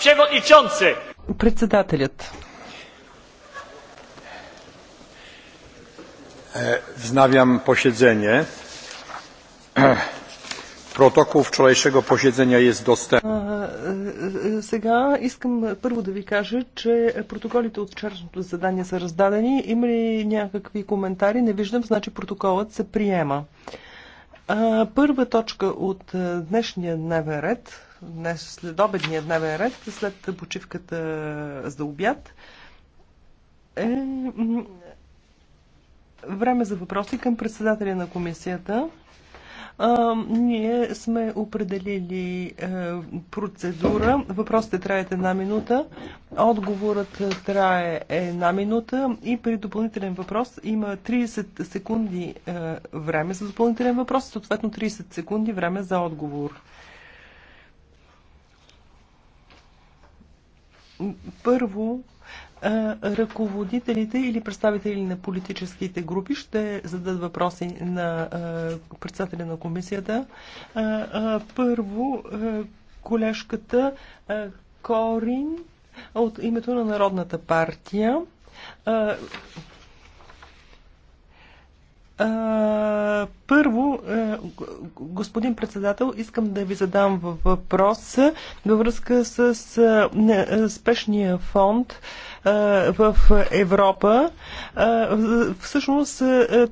przewodniczący! Председателят. Wznawiam е, posiedzenie. Протокол вчерашното посещение е достъпен. Сега искам първо да ви кажа, че протоколите от вчерашното задание са раздадени. Има ли някакви коментари? Не виждам, значи протоколът се приема. Първа точка от е, днешния дневен ред днес след обедния дневен ред, след почивката за обяд, е време за въпроси към председателя на комисията. А, ние сме определили а, е, процедура. Въпросите траят една минута, отговорът трае една минута и при допълнителен въпрос има 30 секунди а, е, време за допълнителен въпрос, съответно 30 секунди време за отговор. Първо, ръководителите или представители на политическите групи ще зададат въпроси на председателя на комисията. Първо, колежката Корин от името на Народната партия първо, е, господин председател, искам да ви задам въпрос във връзка с е, е, спешния фонд в Европа. Всъщност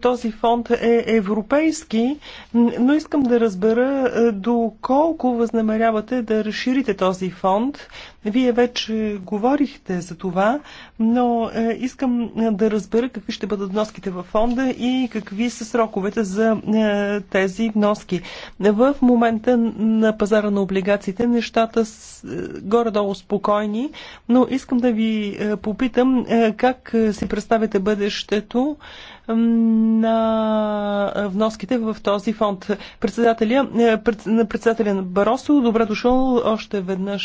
този фонд е европейски, но искам да разбера доколко възнамерявате да разширите този фонд. Вие вече говорихте за това, но искам да разбера какви ще бъдат вноските във фонда и какви са сроковете за тези вноски. В момента на пазара на облигациите нещата са горе-долу спокойни, но искам да ви попитам е, как е, си представяте бъдещето на вноските в този фонд. Председателя, е, председателя на Баросо, добре дошъл още веднъж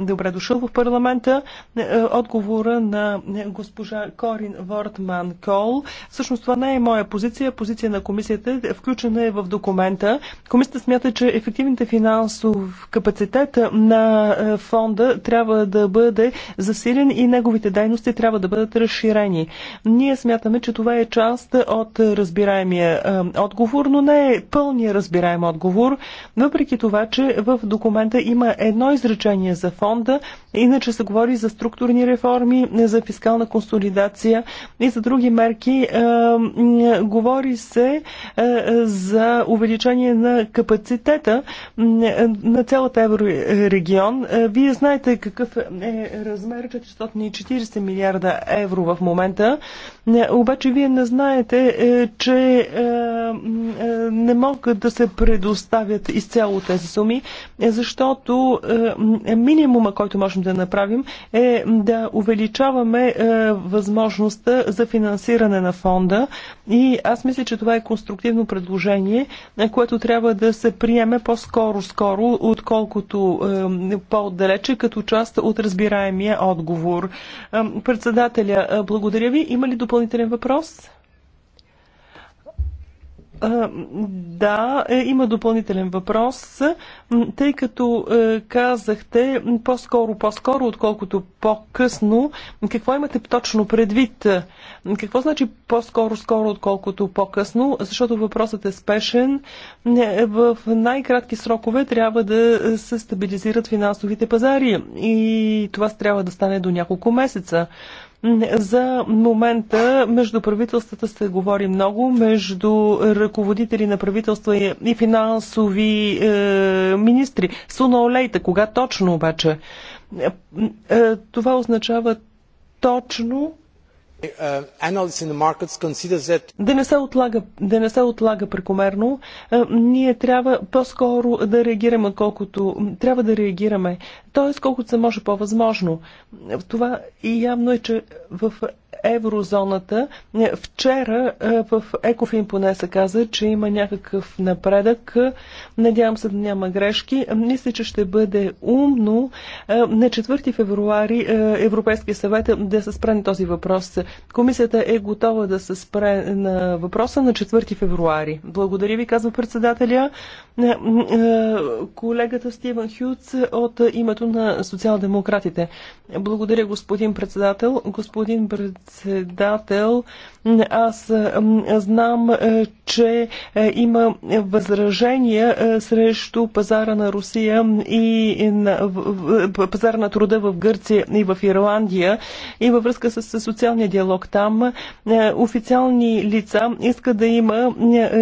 Добре дошъл в парламента. Е, е, отговора на е, госпожа Корин Вортман Кол. Всъщност това не е моя позиция. Позиция на комисията включена е в документа. Комисията смята, че ефективните финансов капацитет на фонда трябва да бъде засилен и неговите дейности трябва да бъдат разширени. Ние смятаме, че това е част от разбираемия отговор, но не е пълния разбираем отговор. Въпреки това, че в документа има едно изречение за фонда, фонда. Иначе се говори за структурни реформи, за фискална консолидация и за други мерки. Е, говори се е, за увеличение на капацитета е, на цялата еврорегион. Вие знаете какъв е размер 440 милиарда евро в момента. Обаче вие не знаете, че не могат да се предоставят изцяло тези суми, защото минимум минимума, който можем да направим, е да увеличаваме е, възможността за финансиране на фонда. И аз мисля, че това е конструктивно предложение, е, което трябва да се приеме по-скоро-скоро, отколкото е, по-отдалече, като част от разбираемия отговор. Председателя, благодаря ви. Има ли допълнителен въпрос? Да, е, има допълнителен въпрос, тъй като е, казахте по-скоро, по-скоро, отколкото по-късно. Какво имате точно предвид? Какво значи по-скоро, скоро, отколкото по-късно? Защото въпросът е спешен. Е, в най-кратки срокове трябва да се стабилизират финансовите пазари и това трябва да стане до няколко месеца. За момента между правителствата се говори много, между ръководители на правителства и финансови е, министри. Суна Олейта, кога точно обаче? Е, е, това означава точно Uh, да не се отлага, прекомерно. Е, ние трябва по-скоро да реагираме, колкото трябва да реагираме. Тоест, колкото се може по-възможно. Е, това и явно е, че в еврозоната. Е, вчера е, в Екофин поне се каза, че има някакъв напредък. Е, надявам се да няма грешки. Мисля, че ще бъде умно на 4 февруари Европейския съвет да се спре на този въпрос. Комисията е готова да се спре на въпроса на 4 февруари. Благодаря ви, казва председателя. Колегата Стивен Хюц от името на социал-демократите. Благодаря, господин председател. Господин пред председател аз знам, е, че е, има възражения е, срещу пазара на Русия и на, пазара на труда в Гърция и в Ирландия и във връзка с социалния диалог там. Официални лица искат да има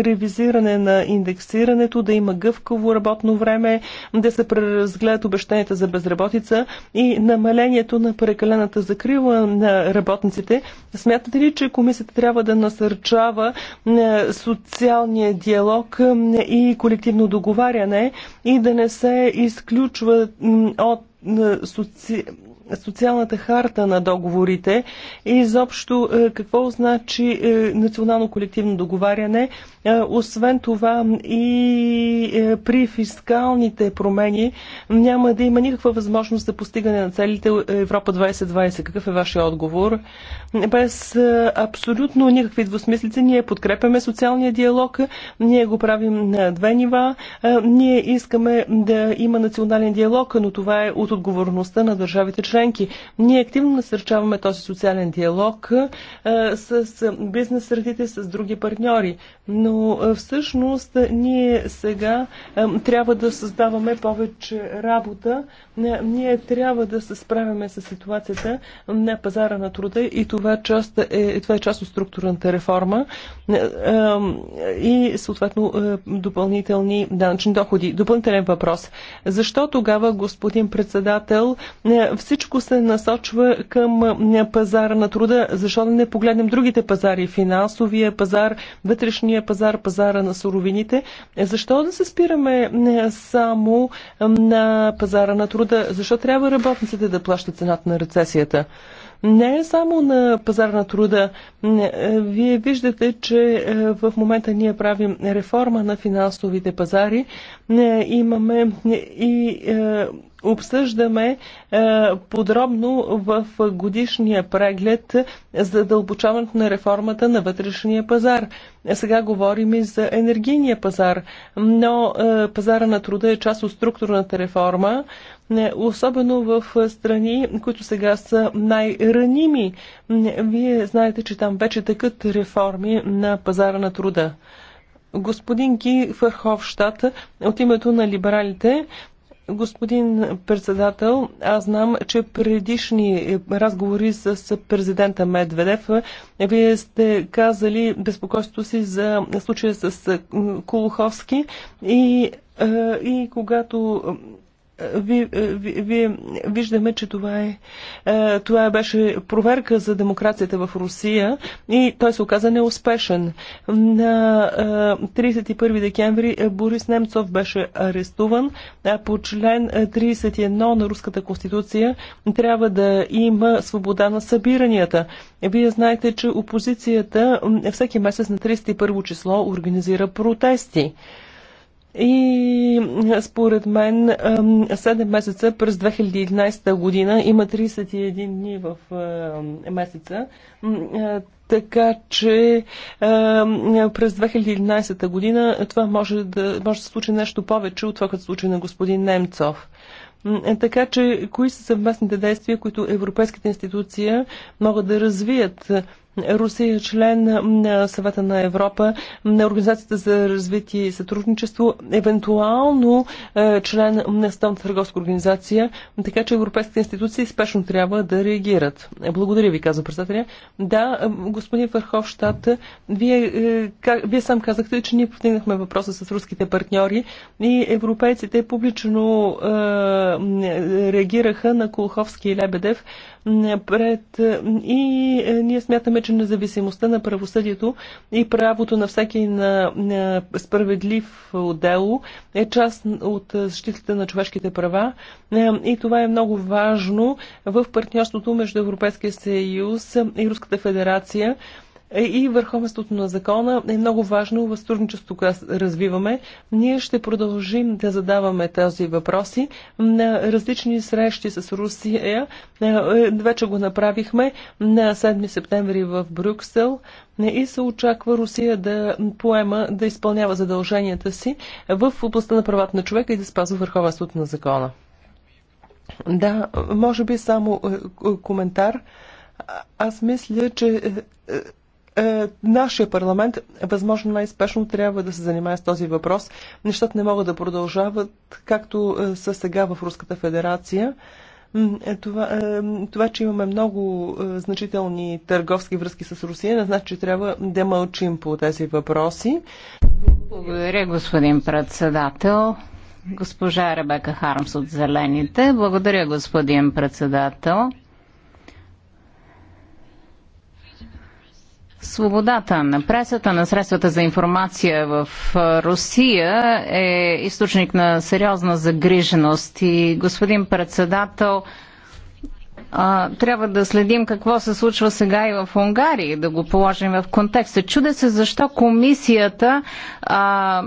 ревизиране на индексирането, да има гъвково работно време, да се преразгледат обещанията за безработица и намалението на прекалената закрила на работниците. Смятате ли, че комисията трябва да насърчава е, социалния диалог е, и колективно договаряне и да не се изключва от е, социалната харта на договорите и изобщо е, какво значи е, национално колективно договаряне. Е, освен това и при фискалните промени няма да има никаква възможност за постигане на целите Европа 2020. Какъв е вашия отговор? Без абсолютно никакви двусмислици ние подкрепяме социалния диалог, ние го правим на две нива. Ние искаме да има национален диалог, но това е от отговорността на държавите член членки. Ние активно насърчаваме този социален диалог с бизнес средите, с други партньори. Но всъщност ние сега трябва да създаваме повече работа, ние трябва да се справяме с ситуацията на пазара на труда и това, част е, това е част от структурната реформа и съответно е, допълнителни данъчни доходи. Допълнителен въпрос. Защо тогава, господин председател, всичко се насочва към пазара на труда? Защо да не погледнем другите пазари? Финансовия пазар, вътрешния пазар, пазара на суровините? Защо да се спираме само на пазара на труда? да, защо трябва работниците да плащат цената на рецесията? не е само на пазар на труда. Е, вие виждате, че е, в момента ние правим реформа на финансовите пазари. Е, имаме и обсъждаме подробно в годишния преглед задълбочаването на реформата на вътрешния пазар. Сега говорим и за енергийния пазар, но пазара на труда е част от структурната реформа особено в страни, които сега са най-раними. Вие знаете, че там вече тъкат реформи на пазара на труда. Господин Ки Фърховщат от името на либералите Господин председател, аз знам, че предишни е, разговори с президента Медведев, вие сте казали безпокойството си за случая с Колуховски и, и когато вие ви, ви, виждаме, че това е, е, това беше проверка за демокрацията в Русия и той се оказа неуспешен. На 31 е, декември е, Борис Немцов беше арестуван а по член 31 на Руската конституция трябва да има свобода на събиранията. Вие знаете, че опозицията всеки месец на 31 число организира протести. И според мен 7 месеца през 2011 година има 31 дни в месеца. Така че през 2011 година това може да, може да се случи нещо повече от това, като случи на господин Немцов. Е, така че, кои са съвместните действия, които европейските институции могат да развият? Русия е член на съвета на Европа, на Организацията за развитие и сътрудничество, евентуално е, член на Стълната търговска организация, така че европейските институции спешно трябва да реагират. Благодаря ви, казва председателя. Да, е, господин Върховщат, вие, е, как, вие сам казахте, че ние повдигнахме въпроса с руските партньори и европейците публично е, реагираха на Колховски и Лебедев, напред и е, ние смятаме, че независимостта на правосъдието и правото на всеки на, справедлив дело е част от защитата на човешките права е, и това е много важно в партньорството между Европейския съюз и Руската федерация. Е, и върховенството на закона е много важно в сътрудничеството, което развиваме. Ние ще продължим да задаваме тези въпроси на различни срещи с Русия. Е, вече го направихме на 7 септември в Брюксел и се очаква Русия да поема, да изпълнява задълженията си в областта на правата на човека и да спазва върховенството на закона. Да, може би само е, коментар. Аз мисля, че е, нашия парламент възможно най-спешно трябва да се занимае с този въпрос. Нещата не могат да продължават както е, са сега в Руската федерация. Е, това, това, че имаме много значителни търговски връзки с Русия, не значи, че трябва да мълчим по тези въпроси. Благодаря, господин председател. Госпожа Ребека Хармс от Зелените. Благодаря, господин председател. Свободата на пресата, на средствата за информация в Русия е източник на сериозна загриженост. И, господин председател, а, трябва да следим какво се случва сега и в Унгария, да го положим в контекста. Чуде се защо комисията а,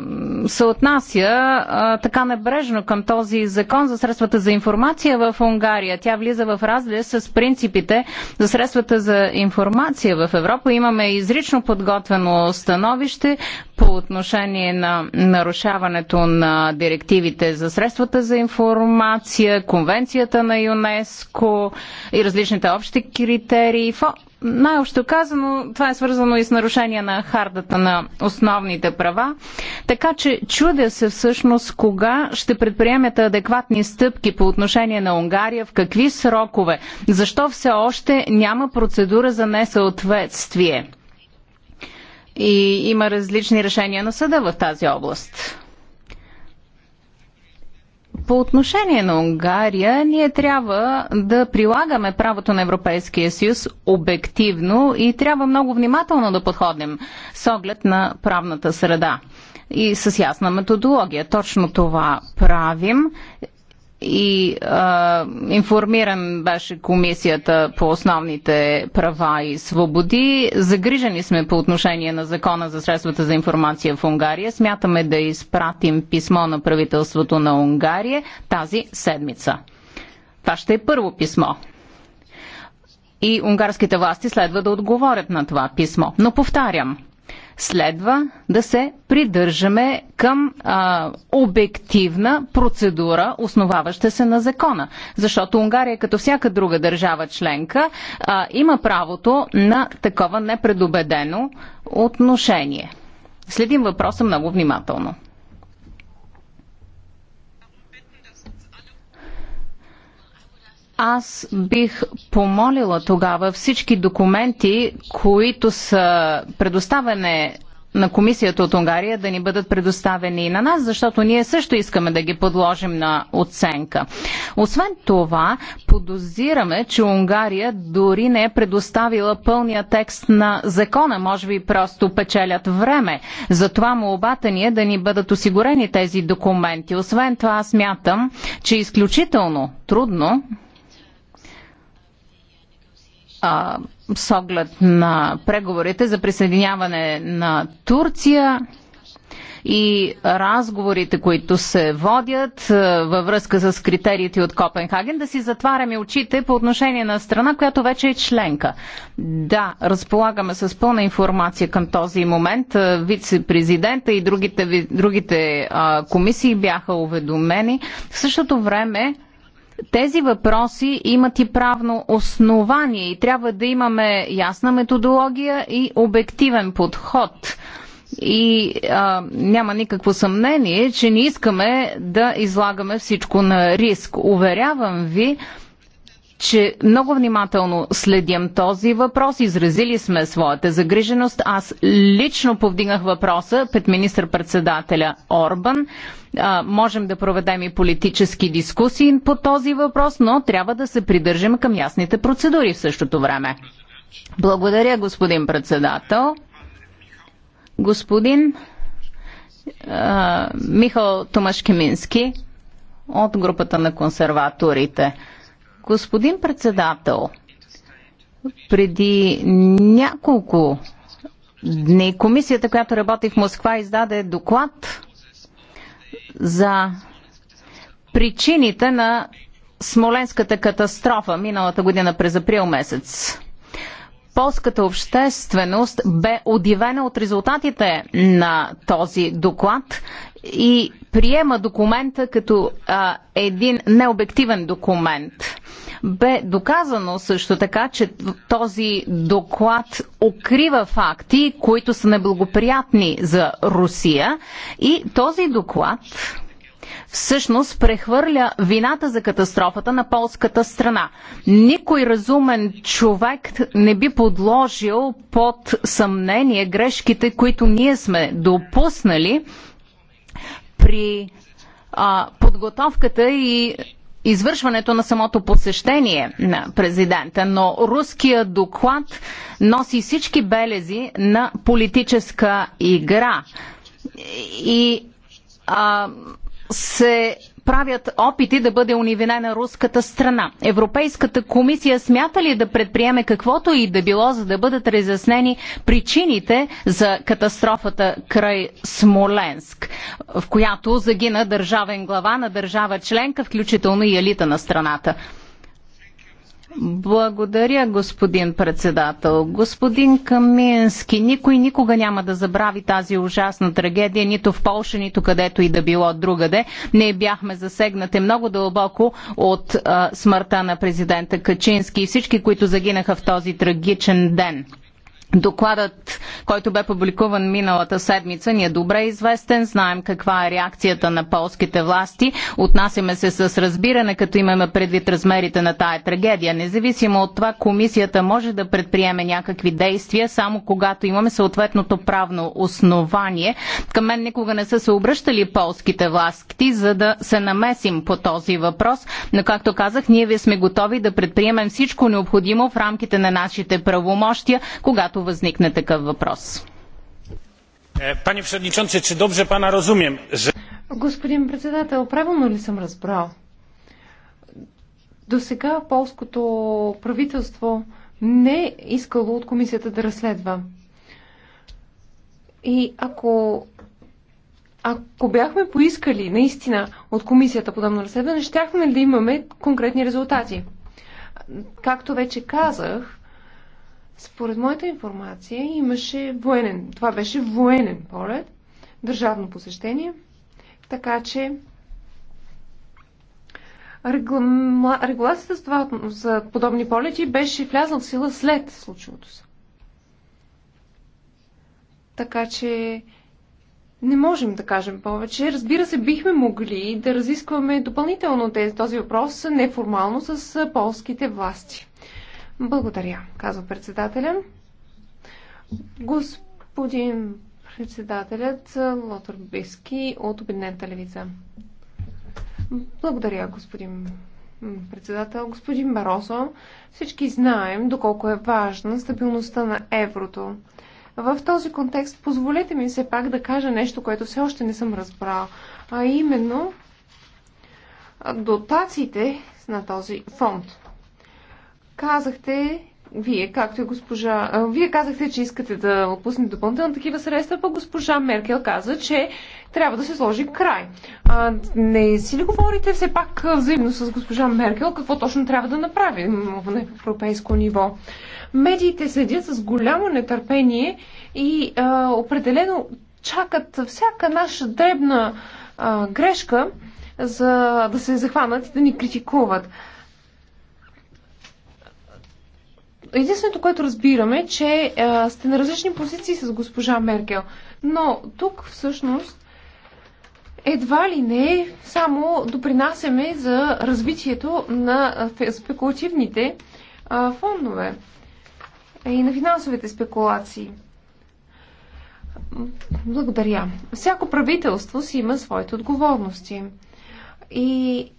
се отнася а, така небрежно към този закон за средствата за информация в Унгария. Тя влиза в разлия с принципите за средствата за информация в Европа. Имаме изрично подготвено становище, по отношение на нарушаването на директивите за средствата за информация, конвенцията на ЮНЕСКО и различните общи критерии. Най-общо казано, това е свързано и с нарушение на хардата на основните права. Така че чудя се всъщност кога ще предприемете адекватни стъпки по отношение на Унгария, в какви срокове, защо все още няма процедура за несъответствие. И има различни решения на съда в тази област. По отношение на Унгария, ние трябва да прилагаме правото на Европейския съюз обективно и трябва много внимателно да подходим с оглед на правната среда и с ясна методология. Точно това правим и а, информиран беше комисията по основните права и свободи. Загрижени сме по отношение на закона за средствата за информация в Унгария. Смятаме да изпратим писмо на правителството на Унгария тази седмица. Това ще е първо писмо. И унгарските власти следва да отговорят на това писмо. Но повтарям – следва да се придържаме към а, обективна процедура, основаваща се на закона. Защото Унгария, като всяка друга държава членка, а, има правото на такова непредобедено отношение. Следим въпроса много внимателно. аз бих помолила тогава всички документи, които са предоставени на комисията от Унгария да ни бъдат предоставени и на нас, защото ние също искаме да ги подложим на оценка. Освен това, подозираме, че Унгария дори не е предоставила пълния текст на закона. Може би просто печелят време. Затова молбата ни е да ни бъдат осигурени тези документи. Освен това, смятам, че е изключително трудно а, с оглед на преговорите за присъединяване на Турция и разговорите, които се водят във връзка с критериите от Копенхаген, да си затваряме очите по отношение на страна, която вече е членка. Да, разполагаме с пълна информация към този момент. Вице-президента и другите, другите а, комисии бяха уведомени. В същото време тези въпроси имат и правно основание и трябва да имаме ясна методология и обективен подход. И а, няма никакво съмнение, че не искаме да излагаме всичко на риск. Уверявам ви, че много внимателно следим този въпрос. Изразили сме своята загриженост. Аз лично повдигнах въпроса пред министр-председателя Орбан. А, можем да проведем и политически дискусии по този въпрос, но трябва да се придържаме към ясните процедури в същото време. Благодаря, господин председател. Господин а, Михал Томашкемински от групата на консерваторите. Господин председател, преди няколко дни комисията, която работи в Москва, издаде доклад за причините на Смоленската катастрофа миналата година през април месец. Полската общественост бе удивена от резултатите на този доклад и приема документа като а, един необективен документ. Бе доказано също така, че този доклад укрива факти, които са неблагоприятни за Русия и този доклад всъщност прехвърля вината за катастрофата на полската страна. Никой разумен човек не би подложил под съмнение грешките, които ние сме допуснали при а, подготовката и извършването на самото посещение на президента, но руския доклад носи всички белези на политическа игра. И а, се правят опити да бъде унивинена руската страна. Европейската комисия смята ли да предприеме каквото и да било, за да бъдат разяснени причините за катастрофата край Смоленск, в която загина държавен глава на държава членка, включително и елита на страната? Благодаря, господин председател. Господин Камински, никой никога няма да забрави тази ужасна трагедия, нито в Полша, нито където и да било другаде. Ние бяхме засегнати много дълбоко от а, смъртта на президента Качински и всички, които загинаха в този трагичен ден. Докладът, който бе публикуван миналата седмица, ни е добре известен. Знаем каква е реакцията на полските власти. Отнасяме се с разбиране, като имаме предвид размерите на тая трагедия. Независимо от това, комисията може да предприеме някакви действия, само когато имаме съответното правно основание. Към мен никога не са се обръщали полските власти, за да се намесим по този въпрос. Но, както казах, ние ви сме готови да предприемем всичко необходимо в рамките на нашите правомощия, когато възникне такъв въпрос. Е, Пане Господин председател, правилно ли съм разбрал? До сега полското правителство не е искало от комисията да разследва. И ако, ако бяхме поискали наистина от комисията подобно разследване, щяхме да имаме конкретни резултати. Както вече казах, според моята информация имаше военен, това беше военен полет, държавно посещение, така че регла... регулацията за, това, за подобни полети беше влязла в сила след случилото се. Така че не можем да кажем повече. Разбира се, бихме могли да разискваме допълнително този въпрос неформално с полските власти. Благодаря, казва председателя. Господин председателят Лотър Биски от Обединената левица. Благодаря, господин председател. Господин Баросо, всички знаем доколко е важна стабилността на еврото. В този контекст позволете ми все пак да кажа нещо, което все още не съм разбрал, а именно дотациите на този фонд. Казахте, вие, както и госпожа... Вие казахте, че искате да отпуснете допълнително такива средства, пък госпожа Меркел каза, че трябва да се сложи край. А, не си ли говорите все пак взаимно с госпожа Меркел какво точно трябва да направим на европейско ниво? Медиите седят с голямо нетърпение и а, определено чакат всяка наша дребна а, грешка, за да се захванат и да ни критикуват. единственото, което разбираме, е, че а, сте на различни позиции с госпожа Меркел. Но тук всъщност едва ли не само допринасяме за развитието на спекулативните а, фондове и на финансовите спекулации. Благодаря. Всяко правителство си има своите отговорности. И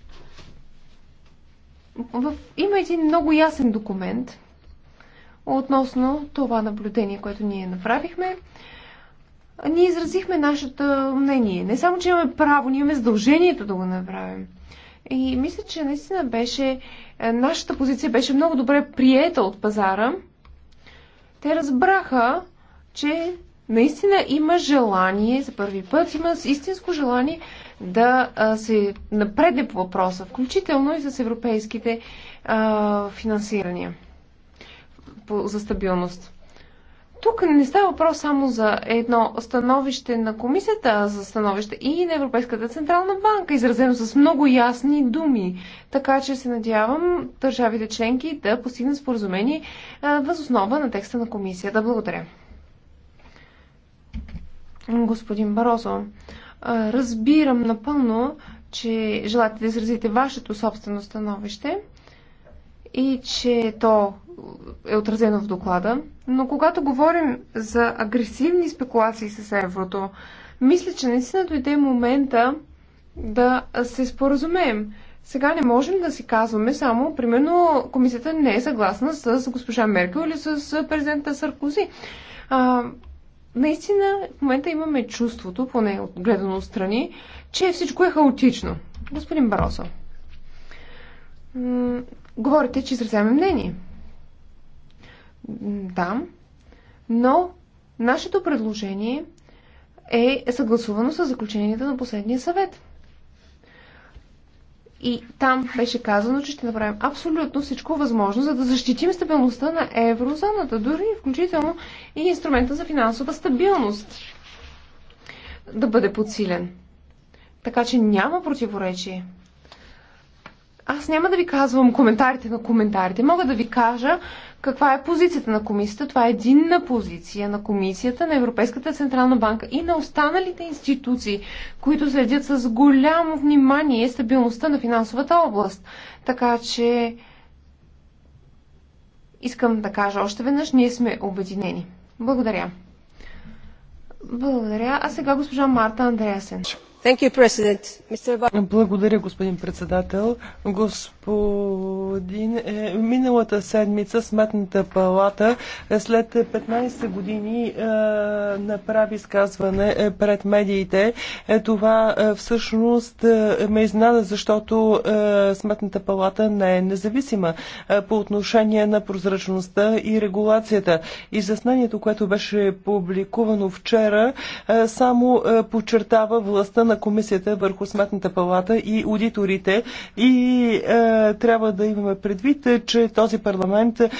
в... има един много ясен документ – относно това наблюдение, което ние направихме. Ние изразихме нашето мнение. Не само, че имаме право, ние имаме задължението да го направим. И мисля, че наистина беше, е, нашата позиция беше много добре приета от пазара. Те разбраха, че наистина има желание, за първи път има истинско желание да се напредне по въпроса, включително и с европейските а, финансирания за стабилност. Тук не става въпрос само за едно становище на комисията за становище и на Европейската централна банка, изразено с много ясни думи. Така че се надявам държавите членки да постигнат споразумение възоснова на текста на комисията. Благодаря. Господин Барозо, разбирам напълно, че желаете да изразите вашето собствено становище и че то е отразено в доклада, но когато говорим за агресивни спекулации с еврото, мисля, че наистина дойде момента да се споразумеем. Сега не можем да си казваме само, примерно, комисията не е съгласна с госпожа Меркел или с президента Саркози. А, наистина, в момента имаме чувството, поне от гледано страни, че всичко е хаотично. Господин Баросо, говорите, че изразяваме мнение. Там, но нашето предложение е съгласувано с заключенията на последния съвет. И там беше казано, че ще направим абсолютно всичко възможно, за да защитим стабилността на еврозоната, дори включително и инструмента за финансова стабилност да бъде подсилен. Така че няма противоречие. Аз няма да ви казвам коментарите на коментарите. Мога да ви кажа каква е позицията на комисията. Това е единна позиция на комисията, на Европейската централна банка и на останалите институции, които следят с голямо внимание стабилността на финансовата област. Така че искам да кажа още веднъж, ние сме обединени. Благодаря. Благодаря. А сега госпожа Марта Андреасен. Благодаря, господин председател. Господин, е, миналата седмица Сметната палата е, след 15 години е, направи изказване е, пред медиите. Е, това всъщност ме изненада, защото Сметната палата не е независима по отношение на прозрачността и регулацията. Изяснението, което беше публикувано вчера, само подчертава властта на на комисията върху сметната палата и аудиторите и е, трябва да имаме предвид, че този парламент е,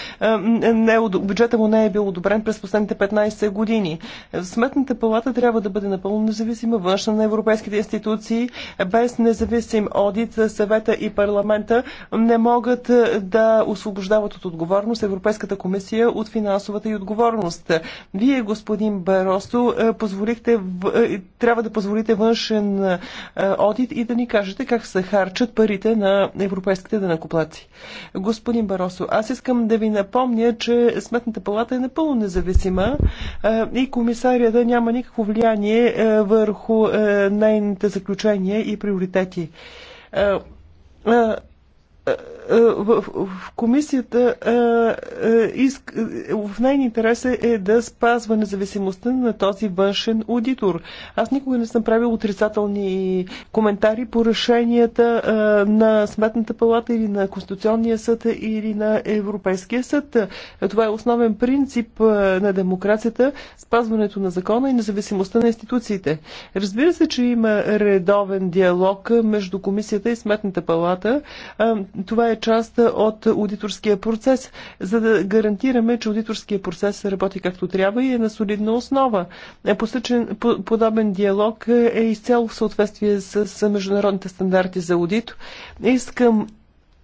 не, е бюджета му не е бил одобрен през последните 15 години. Сметната палата трябва да бъде напълно независима външна на европейските институции. Без независим одит съвета и парламента не могат е, да освобождават от отговорност Европейската комисия от финансовата и отговорност. Вие, господин Баросто, е, позволихте, трябва да позволите външен вътрешен одит и да ни кажете как се харчат парите на европейските денакоплаци. Господин Баросо, аз искам да ви напомня, че Сметната палата е напълно независима и комисарията няма никакво влияние върху нейните заключения и приоритети. Е, в, комисията е, е, в нейния интерес е да спазва независимостта на този външен аудитор. Аз никога не съм правил отрицателни коментари по решенията на Сметната палата или на Конституционния съд или на Европейския съд. Това е основен принцип на демокрацията, спазването на закона и независимостта на институциите. Разбира се, че има редовен диалог между комисията и Сметната палата. Това е е част от аудиторския процес, за да гарантираме, че аудиторския процес работи както трябва и е на солидна основа. Е, посъчен, подобен диалог е изцяло в съответствие с международните стандарти за аудит. Искам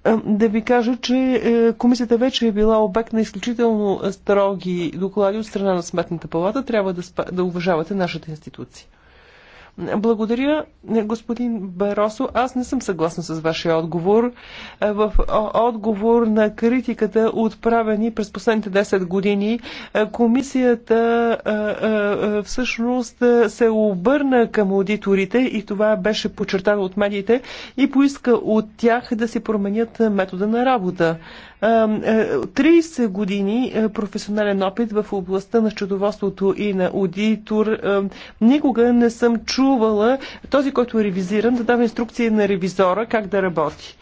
е, да ви кажа, че е, комисията вече е била обект на изключително строги доклади от страна на Сметната палата. Трябва да, спа, да уважавате нашата институция. Благодаря, господин Баросо. Аз не съм съгласна с вашия отговор. Е, в отговор на критиката, отправени през последните 10 години, е, комисията е, всъщност се обърна към аудиторите и това беше подчертано от медиите и поиска от тях да си променят метода на работа. 30 е, години е, професионален опит в областта на счетоводството и на аудитор. Никога не съм чувала този, който е ревизиран, да дава инструкции на ревизора как да работи.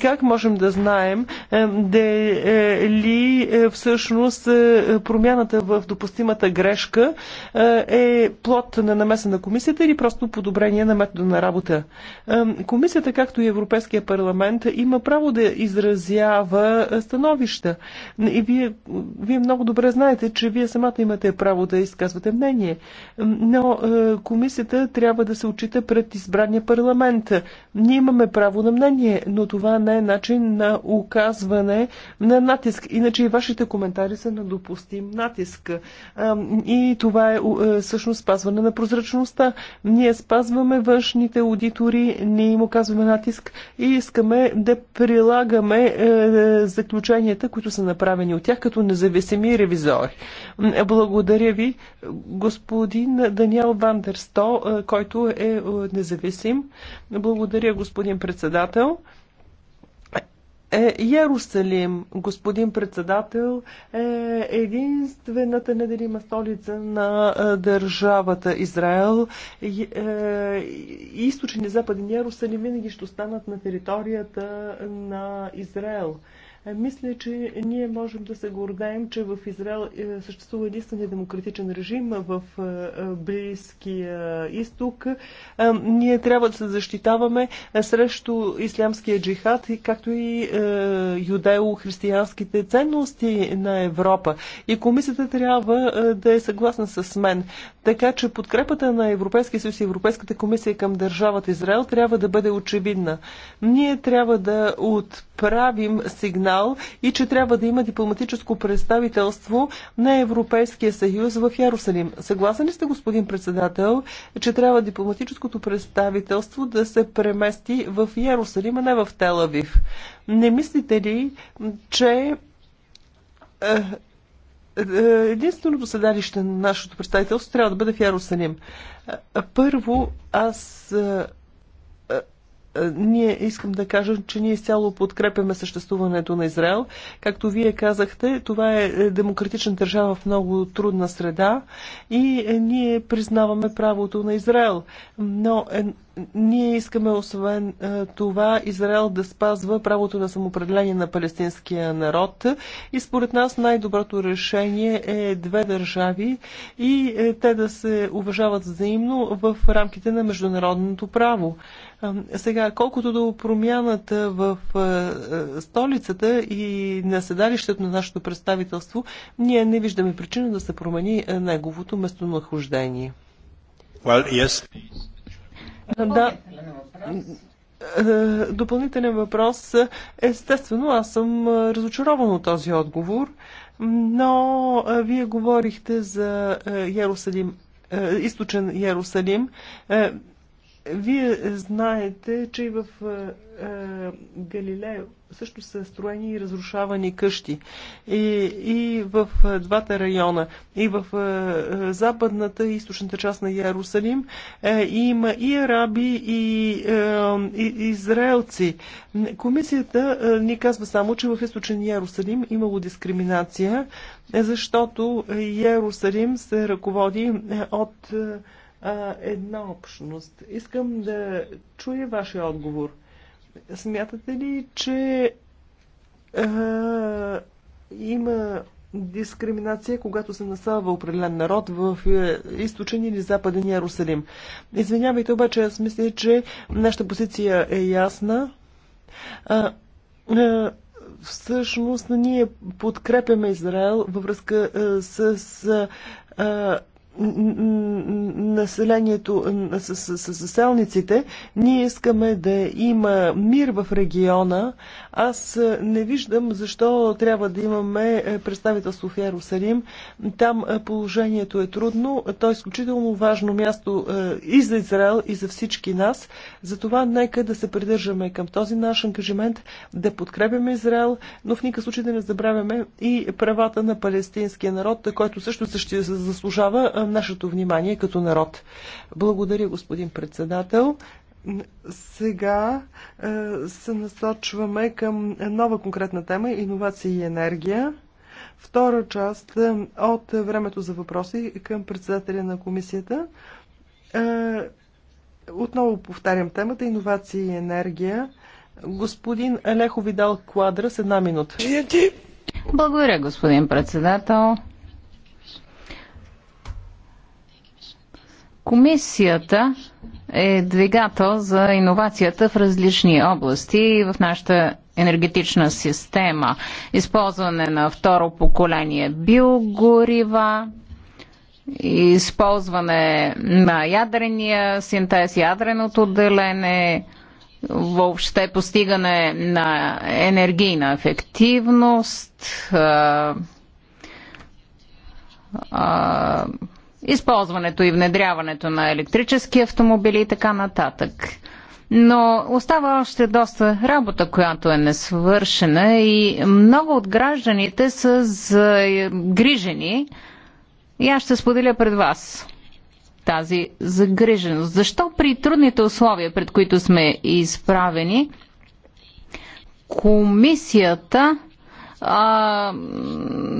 Как можем да знаем дали е, всъщност промяната в допустимата грешка е плод на намеса на комисията или просто подобрение на метода на работа? Комисията, както и Европейския парламент, има право да изразява становища. И вие, вие много добре знаете, че вие самата имате право да изказвате мнение. Но комисията трябва да се отчита пред избрания парламент. Ние имаме право на мнение, но това не е начин на оказване на натиск. Иначе и вашите коментари са на допустим натиск. И това е всъщност спазване на прозрачността. Ние спазваме външните аудитори, ние им оказваме натиск и искаме да прилагаме е, заключенията, които са направени от тях като независими ревизори. Благодаря ви, господин Даниел Вандерсто, е, който е, е независим. Благодаря, господин председател. Е, Ярусалим, господин председател, е единствената неделима столица на е, държавата Израел. Е, е, източен и западен Ярусалим винаги ще останат на територията на Израел. Е, мисля, че ние можем да се гордеем, че в Израел е, съществува единствения демократичен режим в е, Близкия изток. Ние трябва да се защитаваме срещу ислямския джихад, както и юдео-християнските ценности на Европа. И комисията трябва да е съгласна с мен. Така че подкрепата на Европейския съюз и Европейската комисия към държавата Израел трябва да бъде очевидна. Ние трябва да от Правим сигнал и че трябва да има дипломатическо представителство на Европейския съюз в Ярусалим. Съгласен ли сте, господин председател, че трябва дипломатическото представителство да се премести в Ярусалим, а не в Телавив? Не мислите ли, че е, е, единственото седалище на нашето представителство трябва да бъде в Ярусалим. Е, първо, аз е, ние искам да кажа, че ние изцяло подкрепяме съществуването на Израел. Както вие казахте, това е, е демократична държава в много трудна среда и е, ние признаваме правото на Израел. Но ние искаме освен е, това Израел да спазва правото на самоопределение на палестинския народ и според нас най-доброто решение е две държави и е, те да се уважават взаимно в рамките на международното право. Сега, колкото до промяната в е, столицата и на седалището на нашето представителство, ние не виждаме причина да се промени неговото местонахождение. Well, yes. Да. Е, допълнителен въпрос. Естествено, аз съм е, разочарован от този отговор, но е, вие говорихте за Ярусалим, източен Ярусалим. Вие знаете, че и в е, е, Галилео също са строени и разрушавани къщи. И, и в е, двата района, и в западната и източната част на Ярусалим има и араби, и, и израелци. Комисията ни казва само, че в източен Ярусалим имало дискриминация, защото Ярусалим се ръководи от а, една общност. Искам да чуя вашия отговор. Смятате ли, че а, има дискриминация, когато се насалва определен народ в е, източен или западен Ярусалим. Извинявайте, обаче аз мисля, че нашата позиция е ясна. А, а, всъщност ние подкрепяме Израел във връзка а, с а, населението, с, заселниците. Ние искаме да има мир в региона. Аз не виждам защо трябва да имаме е, представителство в Ярусалим. Там е, положението е трудно. То е изключително важно място е, и за Израел, и за всички нас. Затова нека да се придържаме към този наш ангажимент, да подкрепяме Израел, но в никакъв случай да не забравяме и правата на палестинския народ, който също се заслужава нашето внимание като народ. Благодаря, господин председател. Сега е, се насочваме към нова конкретна тема иновации и енергия. Втора част е, от времето за въпроси към председателя на комисията. Е, отново повтарям темата иновации и енергия. Господин Алехо Видал Квадра с една минута. Благодаря, господин председател. Комисията е двигател за иновацията в различни области в нашата енергетична система. Използване на второ поколение биогорива, използване на ядрения синтез, ядреното отделение, въобще постигане на енергийна ефективност, а, а, използването и внедряването на електрически автомобили и така нататък. Но остава още доста работа, която е несвършена и много от гражданите са загрижени. И аз ще споделя пред вас тази загриженост. Защо при трудните условия, пред които сме изправени, комисията а,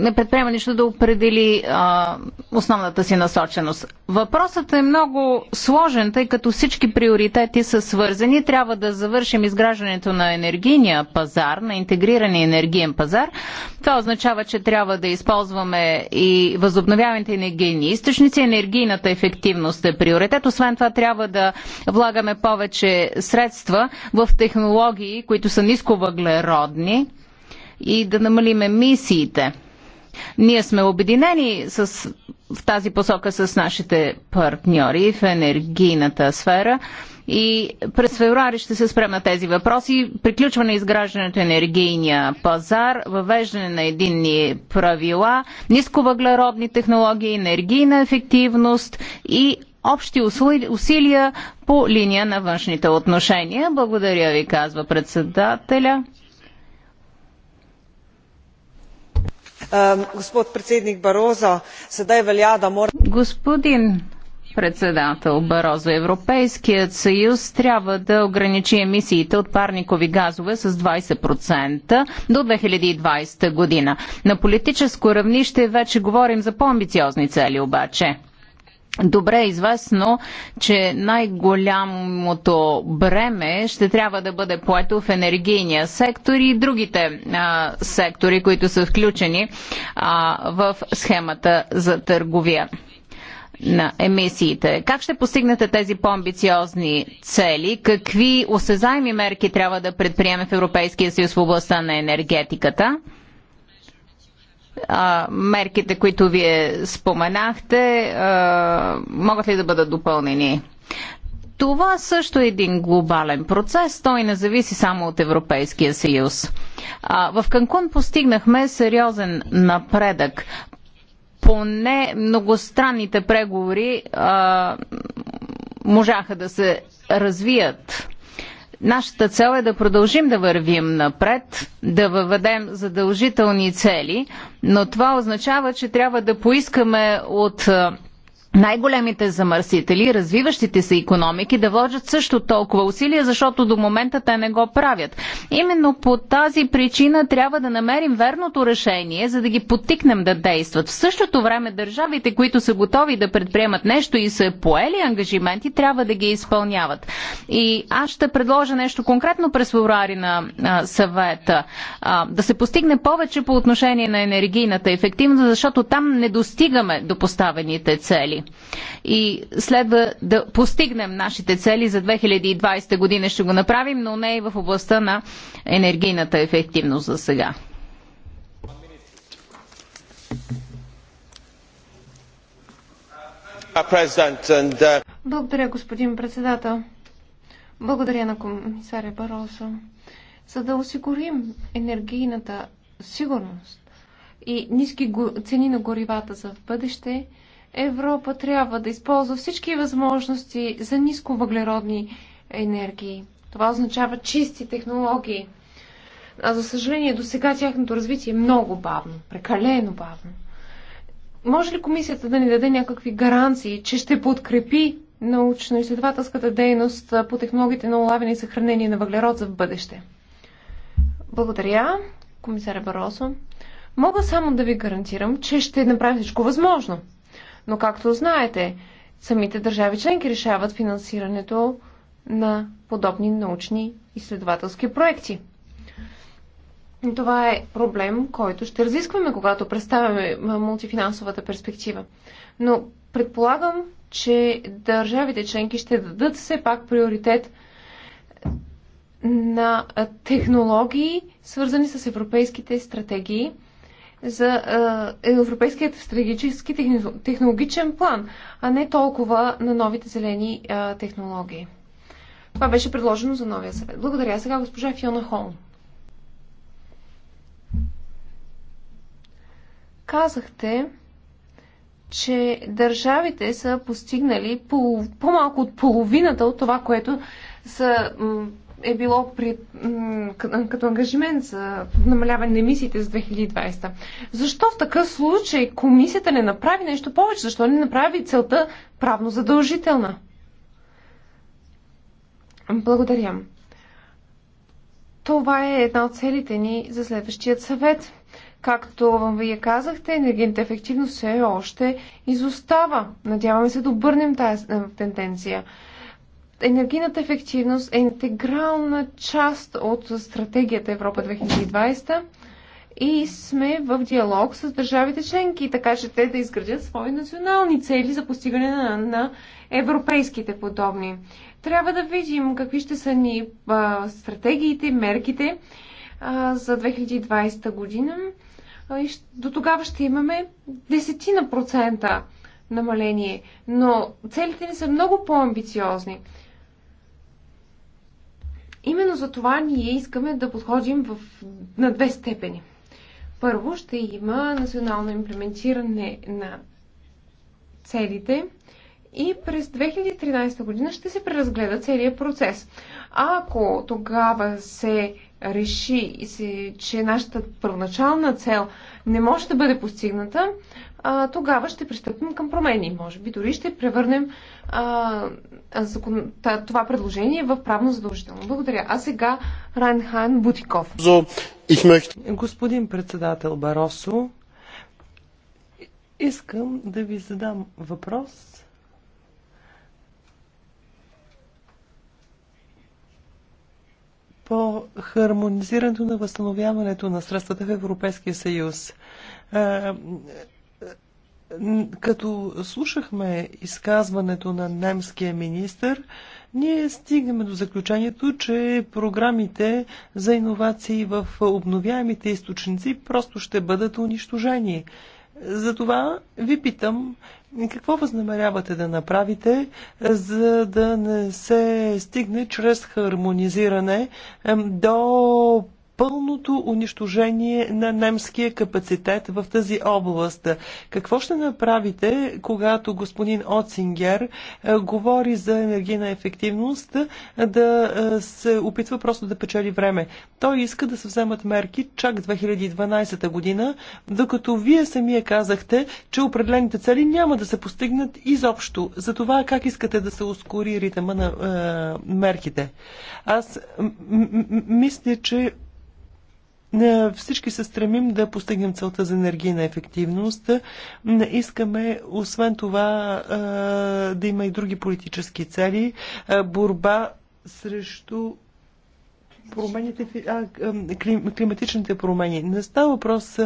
не предприема нищо да определи а, основната си насоченост. Въпросът е много сложен, тъй като всички приоритети са свързани. Трябва да завършим изграждането на енергийния пазар, на интегрирания енергиен пазар. Това означава, че трябва да използваме и възобновяваните енергийни източници. Енергийната ефективност е приоритет. Освен това, трябва да влагаме повече средства в технологии, които са нисковъглеродни и да намалим емисиите. Ние сме обединени с, в тази посока с нашите партньори в енергийната сфера и през февруари ще се спрем на тези въпроси. Приключване изграждането на енергийния пазар, въвеждане на единни правила, нисковъглеродни технологии, енергийна ефективност и общи усилия по линия на външните отношения. Благодаря ви, казва председателя. Gospod predsednik Barozo, sedaj velja, да мора... Господин председател Барозо, Европейският съюз трябва да ограничи емисиите от парникови газове с 20% до 2020 година. На политическо равнище вече говорим за по-амбициозни цели обаче добре е известно, че най-голямото бреме ще трябва да бъде поето в енергийния сектор и другите а, сектори, които са включени а, в схемата за търговия на емисиите. Как ще постигнете тези по-амбициозни цели? Какви осезаеми мерки трябва да предприеме в Европейския съюз в областта на енергетиката? а, мерките, които вие споменахте, а, могат ли да бъдат допълнени? Това също е един глобален процес, той не зависи само от Европейския съюз. А, в Канкун постигнахме сериозен напредък. Поне многостранните преговори а, можаха да се развият. Нашата цел е да продължим да вървим напред, да въведем задължителни цели, но това означава, че трябва да поискаме от най-големите замърсители, развиващите се економики да вложат също толкова усилия, защото до момента те не го правят. Именно по тази причина трябва да намерим верното решение, за да ги потикнем да действат. В същото време държавите, които са готови да предприемат нещо и са поели ангажименти, трябва да ги изпълняват. И аз ще предложа нещо конкретно през феврари на а, съвета. А, да се постигне повече по отношение на енергийната ефективност, защото там не достигаме до поставените цели и следва да постигнем нашите цели за 2020 година. Ще го направим, но не и в областта на енергийната ефективност за сега. Uh, Благодаря, господин председател. Благодаря на комисаря Бароса. За да осигурим енергийната сигурност и ниски цени на горивата за в бъдеще, Европа трябва да използва всички възможности за нисковъглеродни енергии. Това означава чисти технологии. А за съжаление, до сега тяхното развитие е много бавно, прекалено бавно. Може ли комисията да ни даде някакви гаранции, че ще подкрепи научно-изследователската дейност по технологиите на улавяне и съхранение на въглерод за в бъдеще? Благодаря, комисаря Баросо. Мога само да ви гарантирам, че ще направя всичко възможно, но както знаете, самите държави членки решават финансирането на подобни научни изследователски проекти. Това е проблем, който ще разискваме, когато представяме мултифинансовата перспектива. Но предполагам, че държавите членки ще дадат все пак приоритет на технологии, свързани с европейските стратегии за Европейският стратегически технологичен план, а не толкова на новите зелени технологии. Това беше предложено за новия съвет. Благодаря. Сега госпожа Фиона Холм. Казахте, че държавите са постигнали по- по-малко от половината от това, което са е било при, като ангажимент за намаляване на емисиите за 2020. Защо в такъв случай комисията не направи нещо повече? Защо не направи целта правно задължителна? Благодаря. Това е една от целите ни за следващия съвет. Както вие казахте, енергийната ефективност все още изостава. Надяваме се да обърнем тази е, тенденция енергийната ефективност е интегрална част от стратегията Европа 2020 и сме в диалог с държавите членки, така че те да изградят свои национални цели за постигане на, на европейските подобни. Трябва да видим какви ще са ни а, стратегиите, мерките а, за 2020 година. А, и до тогава ще имаме десетина процента намаление, но целите ни са много по-амбициозни. Именно за това ние искаме да подходим в, на две степени. Първо ще има национално имплементиране на целите и през 2013 година ще се преразгледа целият процес. Ако тогава се реши, че нашата първоначална цел не може да бъде постигната, а, тогава ще пристъпим към промени. Може би дори ще превърнем а, закон... това предложение в правно задължително. Благодаря. А сега Райнхан Бутиков. Господин председател Баросо, искам да ви задам въпрос. по хармонизирането на възстановяването на средствата в Европейския съюз като слушахме изказването на немския министр, ние стигнем до заключението, че програмите за иновации в обновяемите източници просто ще бъдат унищожени. Затова ви питам, какво възнамерявате да направите, за да не се стигне чрез хармонизиране до пълното унищожение на немския капацитет в тази област. Какво ще направите, когато господин Оцингер е, говори за енергийна ефективност, е, да е, се опитва просто да печели време? Той иска да се вземат мерки чак 2012 година, докато вие самия казахте, че определените цели няма да се постигнат изобщо. За това как искате да се ускори ритъма на е, мерките? Аз мисля, че всички се стремим да постигнем целта за енергийна ефективност. Искаме, освен това, да има и други политически цели. Борба срещу промените, а, климатичните промени. Не става въпрос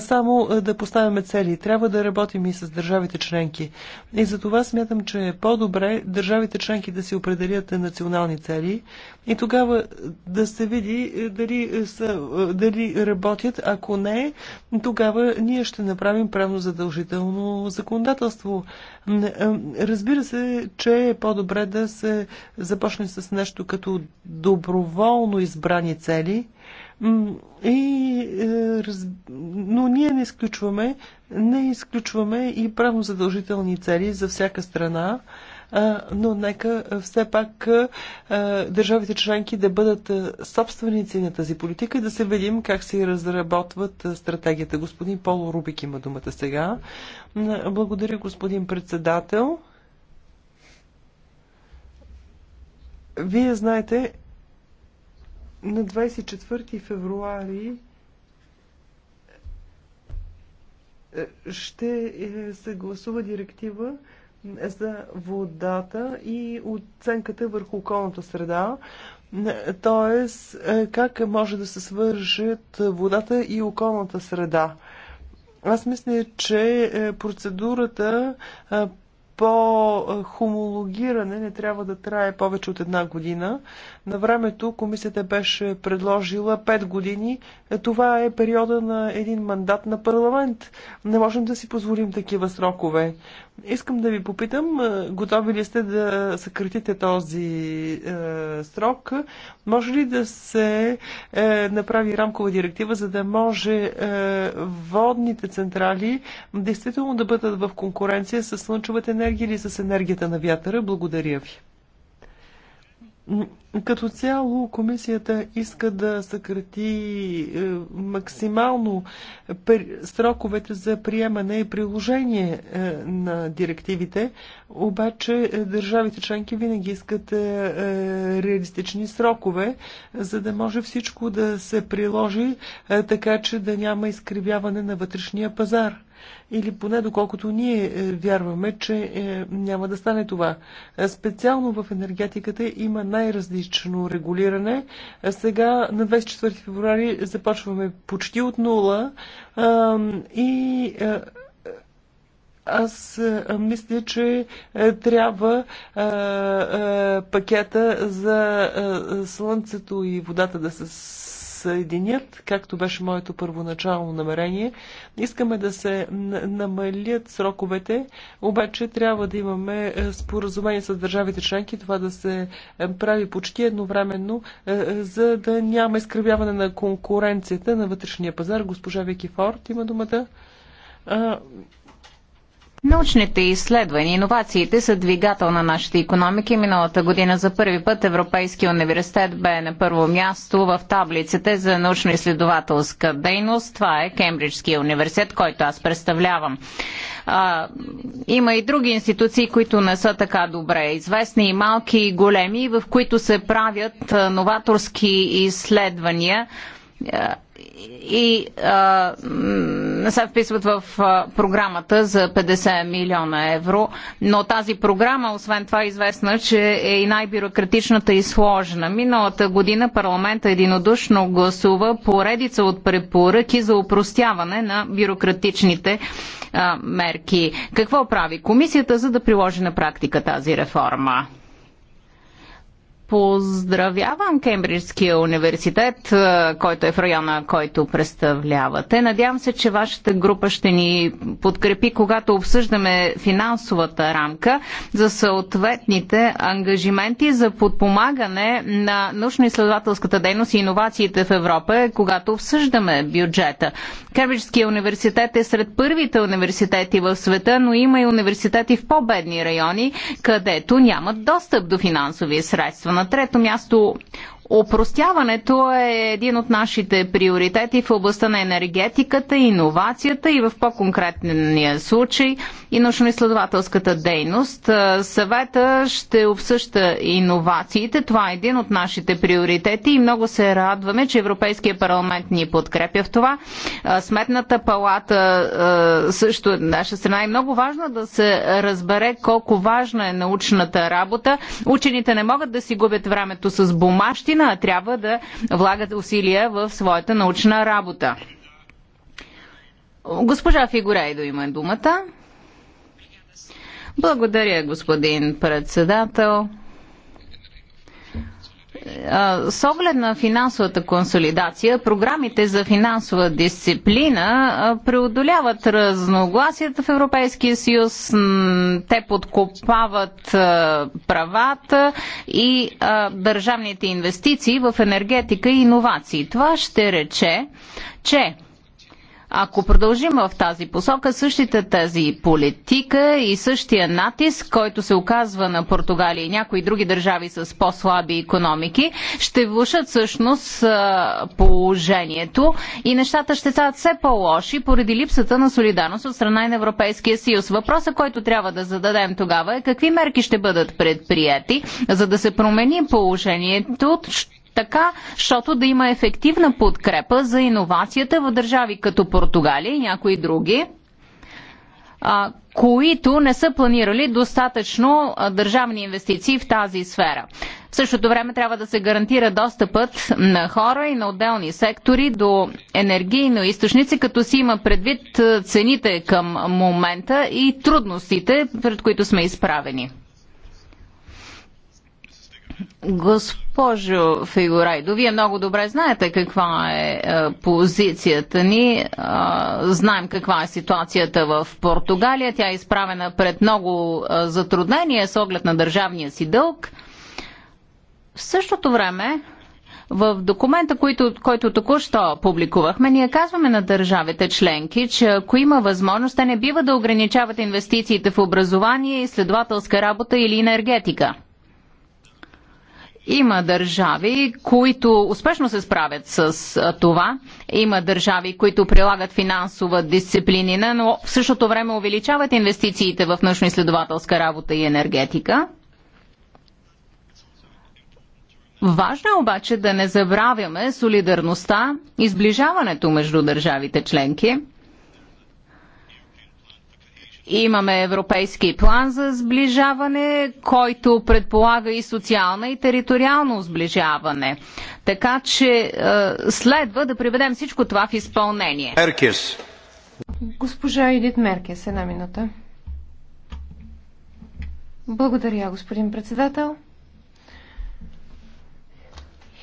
само да поставяме цели. Трябва да работим и с държавите членки. И за това смятам, че е по-добре държавите членки да си определят национални цели и тогава да се види дали, са, дали работят. Ако не, тогава ние ще направим правно задължително законодателство. Разбира се, че е по-добре да се започне с нещо като доброволно само избрани цели. И, е, раз... Но ние не изключваме, не изключваме и правно задължителни цели за всяка страна, е, но нека е, все пак държавите членки да бъдат собственици на тази политика и да се видим как се разработват стратегията. Господин Поло Рубик има думата сега. Благодаря, господин председател. Вие знаете, на 24 февруари е, ще е, се гласува директива е, за водата и оценката върху околната среда. Тоест, как може да се свържат водата и околната среда. Аз мисля, че процедурата по хомологиране не трябва да трае повече от една година. На времето комисията беше предложила 5 години. Това е периода на един мандат на парламент. Не можем да си позволим такива срокове. Искам да ви попитам, готови ли сте да съкратите този е, срок? Може ли да се е, направи рамкова директива, за да може е, водните централи действително да бъдат в конкуренция с слънчевата енергия или с енергията на вятъра? Благодаря ви. Като цяло комисията иска да съкрати е, максимално сроковете за приемане и приложение е, на директивите, обаче е, държавите членки винаги искат реалистични срокове, за да може всичко да се приложи така, че да няма изкривяване на вътрешния пазар или поне доколкото ние е, вярваме, че е, няма да стане това. Е, специално в енергетиката има най-различно регулиране. Сега на 24 февруари започваме почти от нула и аз мисля, че трябва пакета за слънцето и водата да се съединят, както беше моето първоначално намерение. Искаме да се намалят сроковете, обаче трябва да имаме е, споразумение с държавите членки, това да се е, прави почти едновременно, е, за да няма изкривяване на конкуренцията на вътрешния пазар. Госпожа Вики Форд има думата. Научните изследвания, иновациите са двигател на нашите економики. Миналата година за първи път Европейския университет бе на първо място в таблиците за научно-изследователска дейност. Това е Кембриджския университет, който аз представлявам. А, има и други институции, които не са така добре известни, и малки, и големи, в които се правят новаторски изследвания и а, не се вписват в а, програмата за 50 милиона евро. Но тази програма, освен това, е известна, че е и най-бюрократичната и сложна. Миналата година парламента единодушно гласува поредица от препоръки за упростяване на бюрократичните а, мерки. Какво прави комисията, за да приложи на практика тази реформа? Поздравявам Кембриджския университет, който е в района, който представлявате. Надявам се, че вашата група ще ни подкрепи, когато обсъждаме финансовата рамка за съответните ангажименти за подпомагане на научно-изследователската дейност и иновациите в Европа, когато обсъждаме бюджета. Кембриджския университет е сред първите университети в света, но има и университети в по-бедни райони, където нямат достъп до финансови средства. На трето място Опростяването е един от нашите приоритети в областта на енергетиката, иновацията и в по-конкретния случай и научно-изследователската дейност. Е, съвета ще обсъща иновациите. Това е един от нашите приоритети и много се радваме, че Европейския парламент ни подкрепя в това. Е, Сметната палата е, също е наша страна и много важно да се разбере колко важна е научната работа. Учените не могат да си губят времето с бумащи, наистина трябва да влагат усилия в своята научна работа. Госпожа Фигурайдо има думата. Благодаря, господин председател с оглед на финансовата консолидация, програмите за финансова дисциплина преодоляват разногласията в Европейския съюз, те подкопават правата и държавните инвестиции в енергетика и иновации. Това ще рече, че ако продължим в тази посока, същите тази политика и същия натиск, който се оказва на Португалия и някои други държави с по-слаби економики, ще влушат всъщност положението и нещата ще стават все по-лоши поради липсата на солидарност от страна на Европейския съюз. Въпросът, който трябва да зададем тогава е какви мерки ще бъдат предприяти, за да се промени положението, така, защото да има ефективна подкрепа за иновацията в държави като Португалия и някои други, а, които не са планирали достатъчно държавни инвестиции в тази сфера. В същото време трябва да се гарантира достъпът на хора и на отделни сектори до енергийно източници, като си има предвид цените към момента и трудностите, пред които сме изправени. Госпожо Фигурайдо, вие много добре знаете каква е, е позицията ни. Е, знаем каква е ситуацията в Португалия. Тя е изправена пред много е, затруднения с оглед на държавния си дълг. В същото време, в документа, който, който току-що публикувахме, ние казваме на държавите членки, че ако има възможност, те не бива да ограничават инвестициите в образование, изследователска работа или енергетика – има държави, които успешно се справят с това. Има държави, които прилагат финансова дисциплина, но в същото време увеличават инвестициите в научно-изследователска работа и енергетика. Важно е обаче да не забравяме солидарността и сближаването между държавите членки – Имаме европейски план за сближаване, който предполага и социална и териториално сближаване. Така че е, следва да приведем всичко това в изпълнение. Меркес. Госпожа Едит Меркес, една минута. Благодаря, господин председател.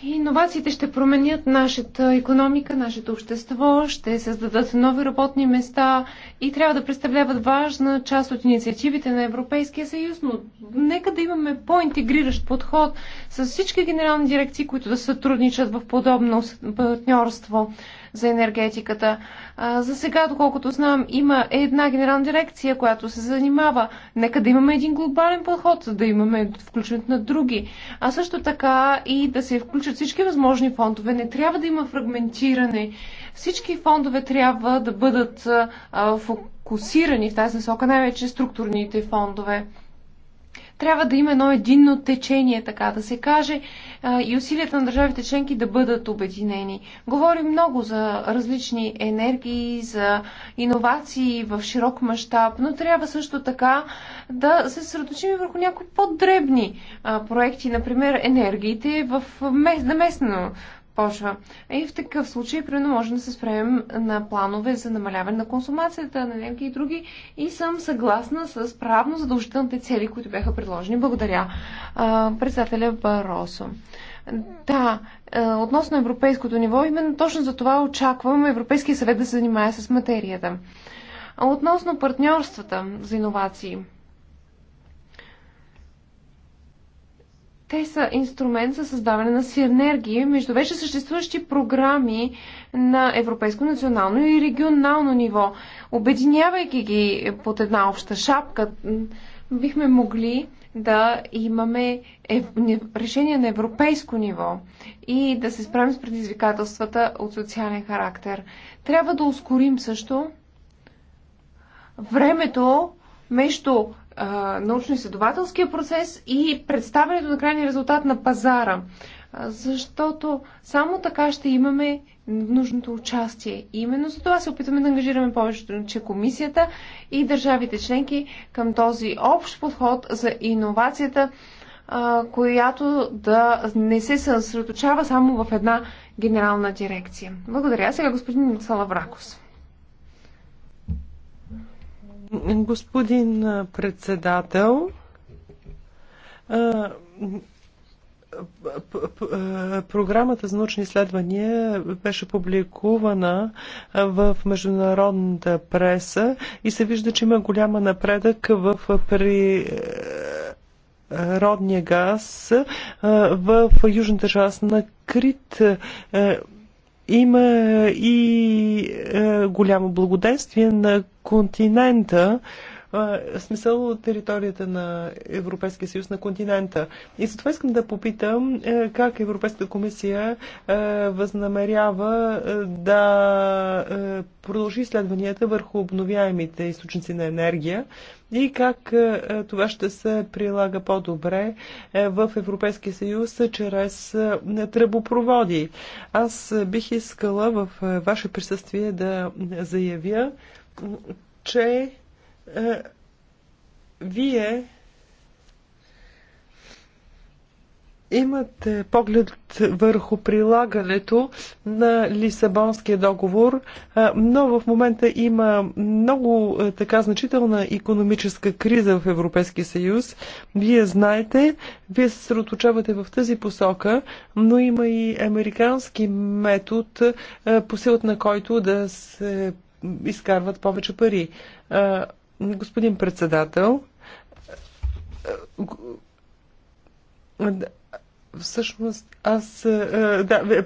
Иновациите ще променят нашата економика, нашето общество, ще създадат нови работни места и трябва да представляват важна част от инициативите на Европейския съюз, но нека да имаме по-интегриращ подход с всички генерални дирекции, които да сътрудничат в подобно партньорство за енергетиката. За сега, доколкото знам, има една генерална дирекция, която се занимава. Нека да имаме един глобален подход, да имаме включването на други. А също така и да се включат всички възможни фондове. Не трябва да има фрагментиране. Всички фондове трябва да бъдат фокусирани в тази насока, най-вече структурните фондове трябва да има едно единно течение, така да се каже, и усилията на държавите членки да бъдат обединени. Говорим много за различни енергии, за иновации в широк мащаб, но трябва също така да се съсредоточим върху някои по-дребни проекти, например енергиите в, на местно почва. И в такъв случай, примерно, можем да се спрем на планове за намаляване на консумацията на енергия и други. И съм съгласна с правно задължителните цели, които бяха предложени. Благодаря. Председателя Баросо. Да, е, относно европейското ниво, именно точно за това очаквам Европейския съвет да се занимае с материята. Относно партньорствата за иновации – Те са инструмент за създаване на синергии между вече съществуващи програми на европейско, национално и регионално ниво. Обединявайки ги под една обща шапка, бихме могли да имаме решение на европейско ниво и да се справим с предизвикателствата от социален характер. Трябва да ускорим също времето между научно-изследователския процес и представянето на крайния резултат на пазара. Защото само така ще имаме нужното участие. И именно за това се опитваме да ангажираме повечето, че комисията и държавите членки към този общ подход за иновацията, която да не се съсредоточава само в една генерална дирекция. Благодаря. Сега господин Салавракос. Господин председател, Програмата за научни изследвания беше публикувана в международната преса и се вижда, че има голяма напредък в при родния газ в южната част на Крит има и е, голямо благоденствие на континента смисъл от територията на Европейския съюз, на континента. И затова искам да попитам как Европейската комисия възнамерява да продължи изследванията върху обновяемите източници на енергия и как това ще се прилага по-добре в Европейския съюз чрез тръбопроводи. Аз бих искала в ваше присъствие да заявя, че е, вие имате поглед върху прилагането на Лисабонския договор, е, но в момента има много е, така значителна економическа криза в Европейския съюз. Вие знаете, вие се съсредоточавате в тази посока, но има и американски метод, по силата на който да се изкарват повече пари. Господин председател, Всъщност, аз да,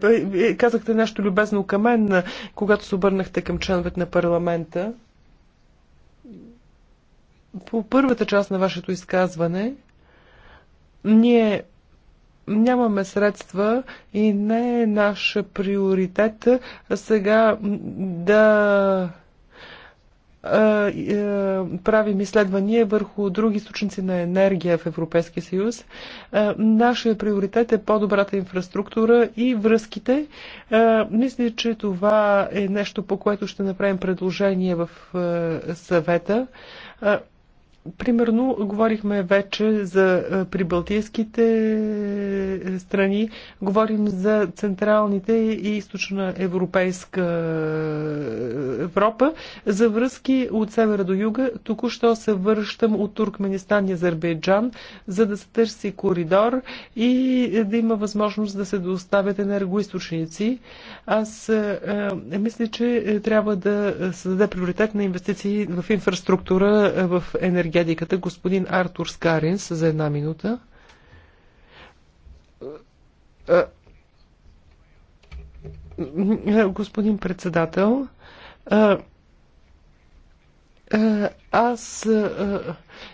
казахте нещо любезно към мен, когато се обърнахте към членовете на парламента. По първата част на вашето изказване, ние нямаме средства и не е наш приоритет сега да правим изследвания върху други източници на енергия в Европейския съюз. Нашия приоритет е по-добрата инфраструктура и връзките. Мисля, че това е нещо, по което ще направим предложение в съвета. Примерно, говорихме вече за прибалтийските е, страни, говорим за централните и източна европейска е, Европа, за връзки от севера до юга. Току-що се връщам от Туркменистан и Азербайджан, за да се търси коридор и е, да има възможност да се доставят енергоисточници. Аз а, мисля, че трябва да се даде приоритет на инвестиции в инфраструктура, в енергия дядиката господин Артур Скаринс за една минута. Господин председател, е, аз е,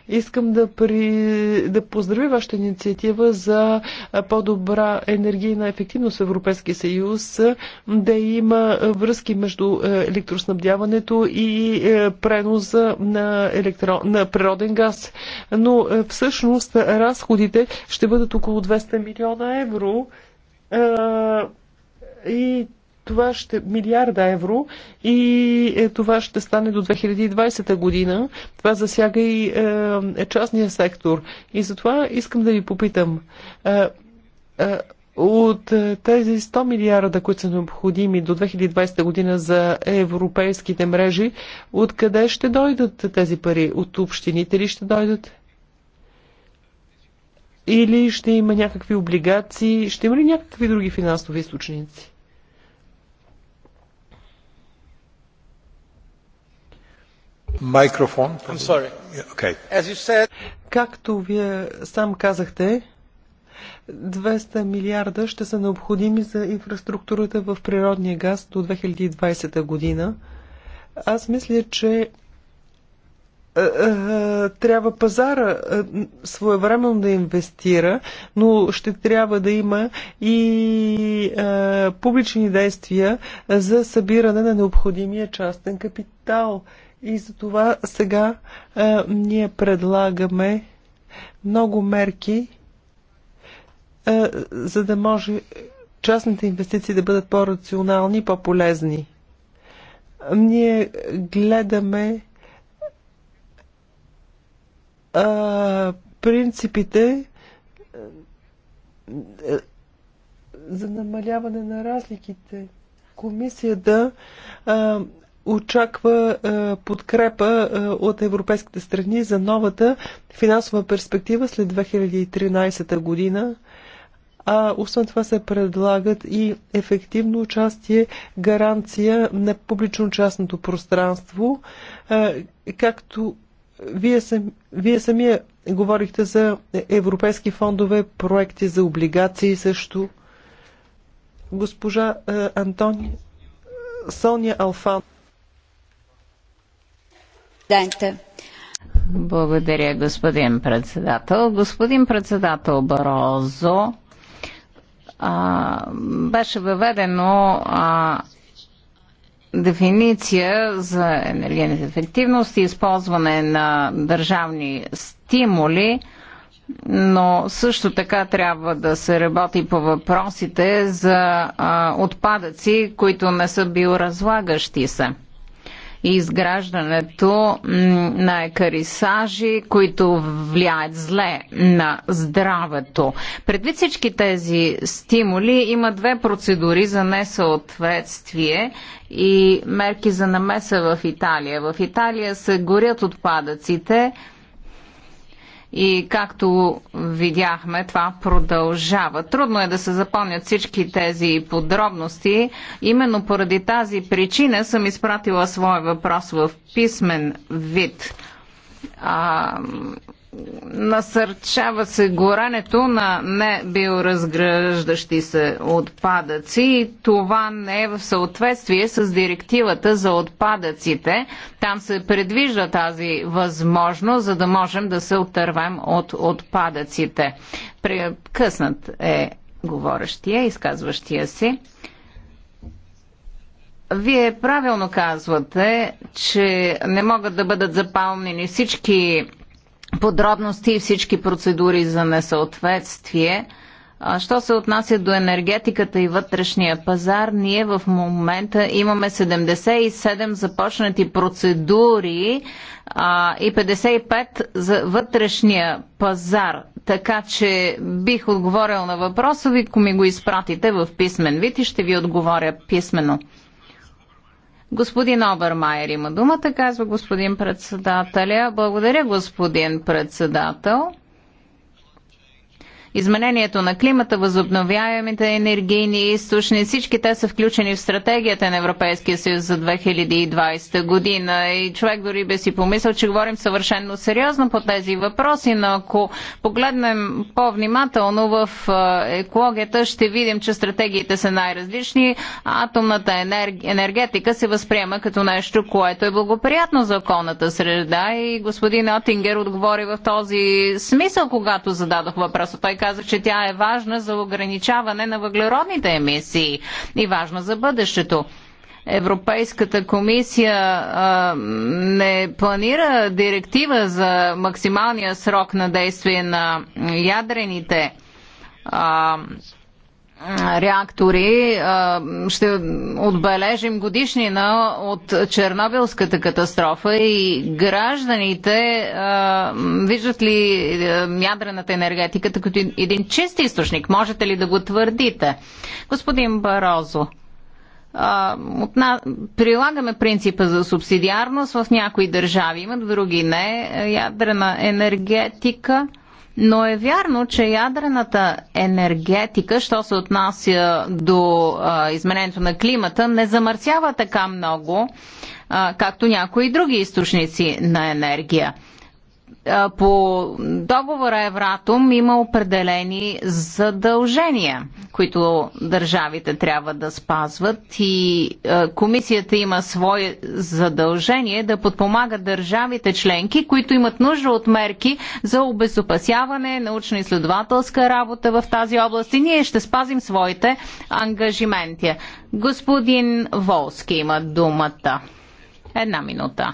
искам да, при... да поздравя вашата инициатива за е, по-добра енергийна ефективност в Европейския съюз, да има връзки между електроснабдяването и преноса на, електро... на природен газ. Но всъщност разходите ще бъдат около 200 милиона евро. И това ще милиарда евро и е, това ще стане до 2020 година. Това засяга и е, е, частния сектор. И затова искам да ви попитам. Е, е, от е, тези 100 милиарда, които са необходими до 2020 година за европейските мрежи, откъде ще дойдат тези пари? От общините ли ще дойдат? Или ще има някакви облигации? Ще има ли някакви други финансови източници? Както вие сам казахте, 200 милиарда ще са необходими за инфраструктурата в природния газ до 2020 година. Аз мисля, че е, е, трябва пазара е, своевременно да инвестира, но ще трябва да има и публични действия за събиране на необходимия частен капитал. И за това сега а, е, ние предлагаме много мерки, а, е, за да може частните инвестиции да бъдат по-рационални и по-полезни. Ние гледаме а, е, принципите за намаляване на разликите. Комисията очаква е, подкрепа е, от европейските страни за новата финансова перспектива след 2013 година. А освен това се предлагат и ефективно участие, гаранция на публично-частното пространство, е, както вие, сам, вие самия говорихте за европейски фондове, проекти за облигации също. Госпожа Антони Соня Алфан. Благодаря, господин председател. Господин председател Барозо, а, беше въведено а, дефиниция за енергийната ефективност и използване на държавни стимули, но също така трябва да се работи по въпросите за а, отпадъци, които не са биоразлагащи се и изграждането на екарисажи, които влияят зле на здравето. Предвид всички тези стимули има две процедури за несъответствие и мерки за намеса в Италия. В Италия се горят отпадъците, и както видяхме, това продължава. Трудно е да се запомнят всички тези подробности. Именно поради тази причина съм изпратила своя въпрос в писмен вид. А, насърчава се горането на небиоразграждащи се отпадъци и това не е в съответствие с директивата за отпадъците. Там се предвижда тази възможност, за да можем да се отървем от отпадъците. Прекъснат е говорещия, изказващия си. Вие правилно казвате, че не могат да бъдат запалнени всички подробности и всички процедури за несъответствие. Що се отнася до енергетиката и вътрешния пазар, ние в момента имаме 77 започнати процедури а, и 55 за вътрешния пазар. Така че бих отговорил на въпроса ви, ако ми го изпратите в писмен вид и ще ви отговоря писменно. Господин Обермайер има думата, казва господин председателя. Благодаря, господин председател изменението на климата, възобновяемите енергийни източни, всички те са включени в стратегията на Европейския съюз за 2020 година. И човек дори би си помислил, че говорим съвършенно сериозно по тези въпроси, но ако погледнем по-внимателно в екологията, ще видим, че стратегиите са най-различни. Атомната енергетика се възприема като нещо, което е благоприятно за околната среда и господин Отингер отговори в този смисъл, когато зададох въпроса. Той казах, че тя е важна за ограничаване на въглеродните емисии и важна за бъдещето. Европейската комисия а, не планира директива за максималния срок на действие на ядрените а, реактори. Ще отбележим годишнина от Чернобилската катастрофа и гражданите виждат ли ядрената енергетика като един чист източник? Можете ли да го твърдите? Господин Барозо, прилагаме принципа за субсидиарност в някои държави, имат в други не. Ядрена енергетика – но е вярно, че ядрената енергетика, що се отнася до а, изменението на климата, не замърсява така много, а, както някои други източници на енергия по договора Евратум има определени задължения, които държавите трябва да спазват и комисията има свое задължение да подпомага държавите членки, които имат нужда от мерки за обезопасяване, научно-изследователска работа в тази област и ние ще спазим своите ангажименти. Господин Волски има думата. Една минута.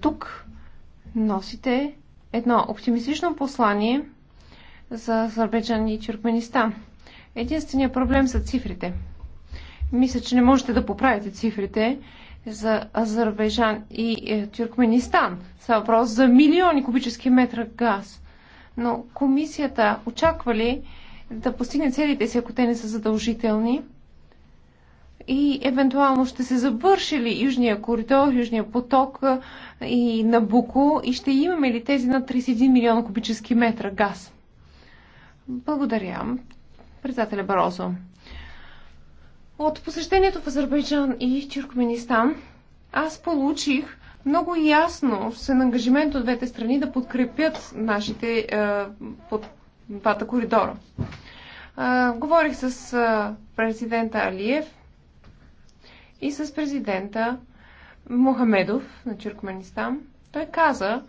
Тук носите едно оптимистично послание за Азербайджан и Тюркменистан. Единственият проблем са цифрите. Мисля, че не можете да поправите цифрите за Азербайджан и е, Тюркменистан. Са въпрос за милиони кубически метра газ. Но комисията очаква ли да постигне целите си, ако те не са задължителни? и евентуално ще се завърши ли Южния коридор, Южния поток и Набуко и ще имаме ли тези на 31 милиона кубически метра газ? Благодаря. Председателя Барозо. От посещението в Азербайджан и Тюркменистан аз получих много ясно с ангажимент от двете страни да подкрепят нашите е, под двата коридора. Е, говорих с е, президента Алиев и с президента Мухамедов на Чиркменистан. Той каза,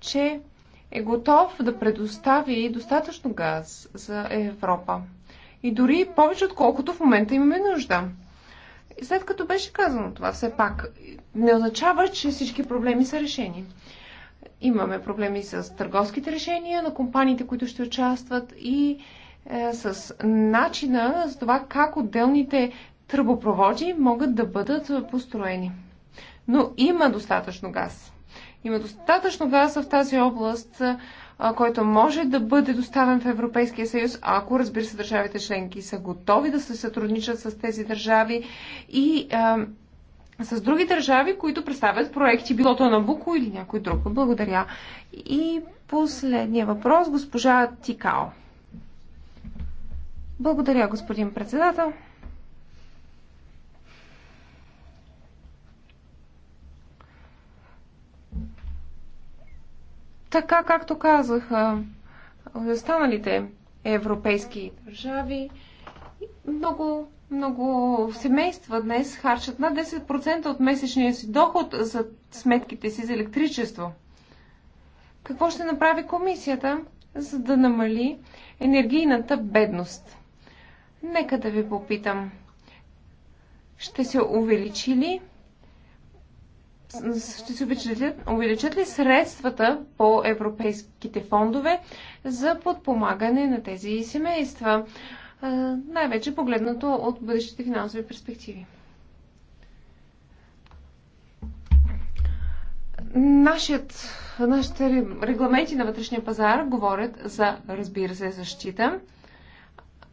че е готов да предостави достатъчно газ за Европа. И дори повече, отколкото в момента имаме нужда. И след като беше казано това, все пак не означава, че всички проблеми са решени. Имаме проблеми с търговските решения на компаниите, които ще участват и е, с начина за това как отделните тръбопроводи могат да бъдат построени. Но има достатъчно газ. Има достатъчно газ в тази област, който може да бъде доставен в Европейския съюз, ако, разбира се, държавите членки са готови да се сътрудничат с тези държави и а, с други държави, които представят проекти, било то на Буко или някой друг. Благодаря. И последния въпрос, госпожа Тикао. Благодаря, господин председател. така както казах, останалите европейски държави много, много семейства днес харчат над 10% от месечния си доход за сметките си за електричество. Какво ще направи комисията, за да намали енергийната бедност? Нека да ви попитам. Ще се увеличи ли ще се увеличат, увеличат ли средствата по европейските фондове за подпомагане на тези семейства, най-вече погледнато от бъдещите финансови перспективи? Нашият, нашите регламенти на вътрешния пазар говорят за, разбира се, защита,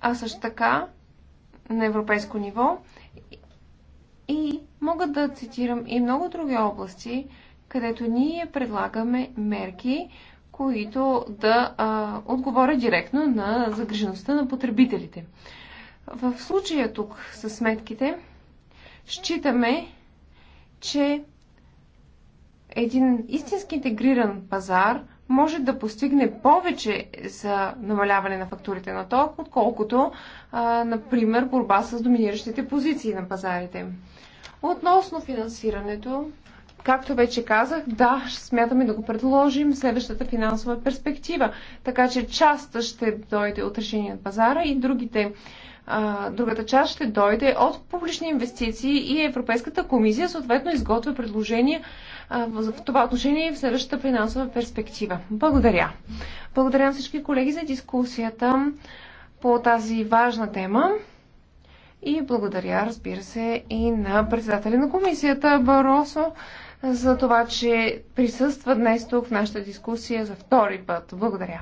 а също така на европейско ниво и Мога да цитирам и много други области, където ние предлагаме мерки, които да а, отговорят директно на загрижеността на потребителите. В случая тук с сметките считаме, че един истински интегриран пазар може да постигне повече за намаляване на фактурите на ток, отколкото, а, например, борба с доминиращите позиции на пазарите. Относно финансирането, както вече казах, да, смятаме да го предложим следващата финансова перспектива. Така че частта ще дойде от решение на пазара и другите, а, другата част ще дойде от публични инвестиции и Европейската комисия съответно изготвя предложения а, в това отношение в следващата финансова перспектива. Благодаря. Благодаря на всички колеги за дискусията по тази важна тема. И благодаря, разбира се, и на председателя на комисията Баросо за това, че присъства днес тук в нашата дискусия за втори път. Благодаря.